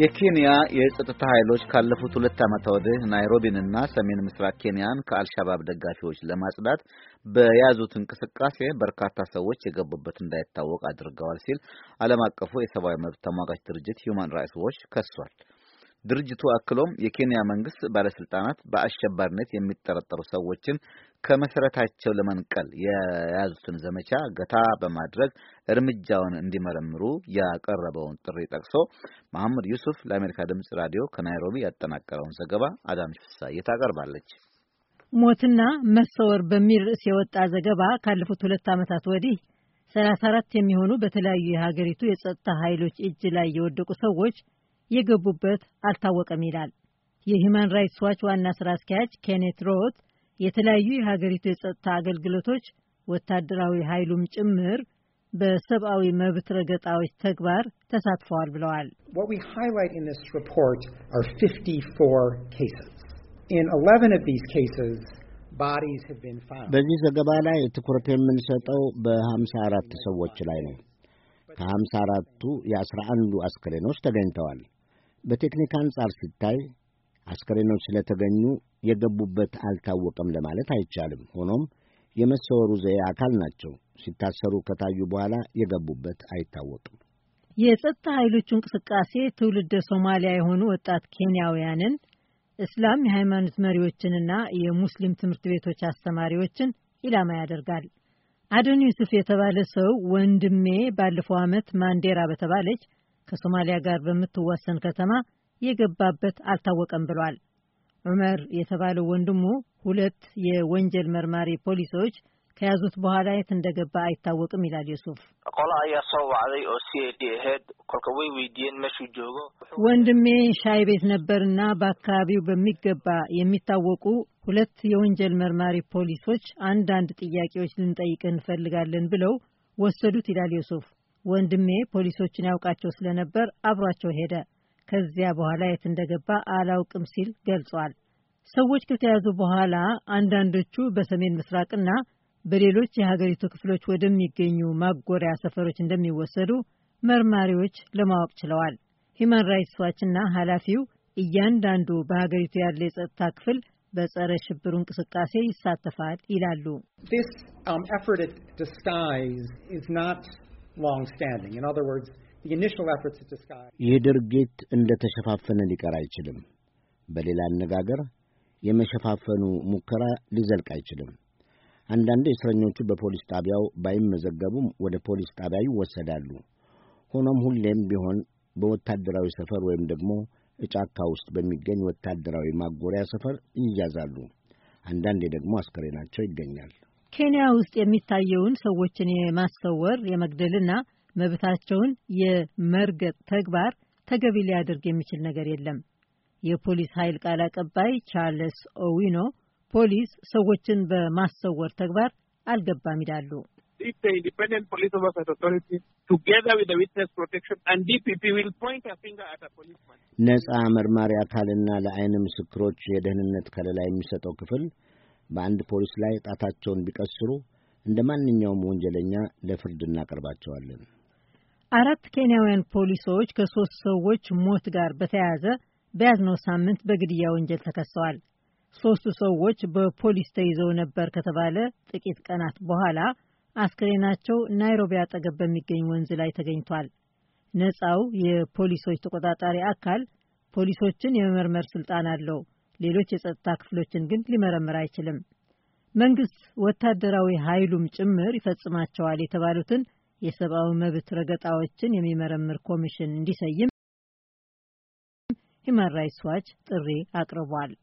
የኬንያ የጸጥታ ኃይሎች ካለፉት ሁለት ዓመታት ወዲህ ናይሮቢንና ሰሜን ምስራቅ ኬንያን ከአልሻባብ ደጋፊዎች ለማጽዳት በያዙት እንቅስቃሴ በርካታ ሰዎች የገቡበት እንዳይታወቅ አድርገዋል ሲል ዓለም አቀፉ የሰብአዊ መብት ተሟጋች ድርጅት ሂውማን ራይትስ ዎች ከሷል። ድርጅቱ አክሎም የኬንያ መንግስት ባለስልጣናት በአሸባሪነት የሚጠረጠሩ ሰዎችን ከመሰረታቸው ለመንቀል የያዙትን ዘመቻ ገታ በማድረግ እርምጃውን እንዲመረምሩ ያቀረበውን ጥሪ ጠቅሶ መሐመድ ዩሱፍ ለአሜሪካ ድምፅ ራዲዮ ከናይሮቢ ያጠናቀረውን ዘገባ አዳነች ፍሳዬ ታቀርባለች። ሞትና መሰወር በሚል ርዕስ የወጣ ዘገባ ካለፉት ሁለት ዓመታት ወዲህ ሰላሳ አራት የሚሆኑ በተለያዩ የሀገሪቱ የጸጥታ ኃይሎች እጅ ላይ የወደቁ ሰዎች የገቡበት አልታወቀም ይላል። የሂማን ራይትስ ዋች ዋና ስራ አስኪያጅ ኬኔት ሮት የተለያዩ የሀገሪቱ የጸጥታ አገልግሎቶች ወታደራዊ ኃይሉም ጭምር በሰብአዊ መብት ረገጣዎች ተግባር ተሳትፈዋል ብለዋል። በዚህ ዘገባ ላይ ትኩረት የምንሰጠው በ54 ሰዎች ላይ ነው። ከ54ቱ የ11ዱ አስክሬኖች ተገኝተዋል። በቴክኒክ አንጻር ሲታይ አስከሬኖች ስለተገኙ የገቡበት አልታወቀም ለማለት አይቻልም። ሆኖም የመሰወሩ ዘዬ አካል ናቸው። ሲታሰሩ ከታዩ በኋላ የገቡበት አይታወቅም። የጸጥታ ኃይሎቹ እንቅስቃሴ ትውልደ ሶማሊያ የሆኑ ወጣት ኬንያውያንን እስላም የሃይማኖት መሪዎችንና የሙስሊም ትምህርት ቤቶች አስተማሪዎችን ኢላማ ያደርጋል። አደን ዩሱፍ የተባለ ሰው ወንድሜ ባለፈው ዓመት ማንዴራ በተባለች ከሶማሊያ ጋር በምትዋሰን ከተማ የገባበት አልታወቀም ብሏል። ዑመር የተባለው ወንድሙ ሁለት የወንጀል መርማሪ ፖሊሶች ከያዙት በኋላ የት እንደገባ አይታወቅም ይላል ዩሱፍ። ወንድሜ ሻይ ቤት ነበርና በአካባቢው በሚገባ የሚታወቁ ሁለት የወንጀል መርማሪ ፖሊሶች አንዳንድ ጥያቄዎች ልንጠይቅ እንፈልጋለን ብለው ወሰዱት ይላል ዩሱፍ። ወንድሜ ፖሊሶችን ያውቃቸው ስለነበር አብሯቸው ሄደ። ከዚያ በኋላ የት እንደገባ አላውቅም ሲል ገልጿል። ሰዎች ከተያዙ በኋላ አንዳንዶቹ በሰሜን ምስራቅና በሌሎች የሀገሪቱ ክፍሎች ወደሚገኙ ማጎሪያ ሰፈሮች እንደሚወሰዱ መርማሪዎች ለማወቅ ችለዋል። ሂማን ራይትስ ዋችና ኃላፊው እያንዳንዱ በሀገሪቱ ያለ የጸጥታ ክፍል በጸረ ሽብሩ እንቅስቃሴ ይሳተፋል ይላሉ። um, longstanding. In other words, the initial efforts to disguise ይህ ድርጊት እንደተሸፋፈነ ሊቀር አይችልም። በሌላ አነጋገር የመሸፋፈኑ ሙከራ ሊዘልቅ አይችልም። አንዳንዴ እስረኞቹ በፖሊስ ጣቢያው ባይመዘገቡም ወደ ፖሊስ ጣቢያ ይወሰዳሉ። ሆኖም ሁሌም ቢሆን በወታደራዊ ሰፈር ወይም ደግሞ ጫካ ውስጥ በሚገኝ ወታደራዊ ማጎሪያ ሰፈር ይያዛሉ። አንዳንዴ ደግሞ አስከሬናቸው ይገኛል። ኬንያ ውስጥ የሚታየውን ሰዎችን የማሰወር የመግደልና መብታቸውን የመርገጥ ተግባር ተገቢ ሊያደርግ የሚችል ነገር የለም። የፖሊስ ኃይል ቃል አቀባይ ቻርልስ ኦዊኖ ፖሊስ ሰዎችን በማሰወር ተግባር አልገባም ይላሉ። ነጻ መርማሪ አካልና ለአይን ምስክሮች የደህንነት ከለላ የሚሰጠው ክፍል በአንድ ፖሊስ ላይ ጣታቸውን ቢቀስሩ እንደ ማንኛውም ወንጀለኛ ለፍርድ እናቀርባቸዋለን። አራት ኬንያውያን ፖሊሶች ከሶስት ሰዎች ሞት ጋር በተያያዘ በያዝነው ሳምንት በግድያ ወንጀል ተከሰዋል። ሶስቱ ሰዎች በፖሊስ ተይዘው ነበር ከተባለ ጥቂት ቀናት በኋላ አስክሬናቸው ናይሮቢ አጠገብ በሚገኝ ወንዝ ላይ ተገኝቷል። ነፃው የፖሊሶች ተቆጣጣሪ አካል ፖሊሶችን የመመርመር ስልጣን አለው ሌሎች የጸጥታ ክፍሎችን ግን ሊመረምር አይችልም። መንግስት ወታደራዊ ኃይሉም ጭምር ይፈጽማቸዋል የተባሉትን የሰብአዊ መብት ረገጣዎችን የሚመረምር ኮሚሽን እንዲሰይም ሂማን ራይትስ ዋች ጥሪ አቅርቧል።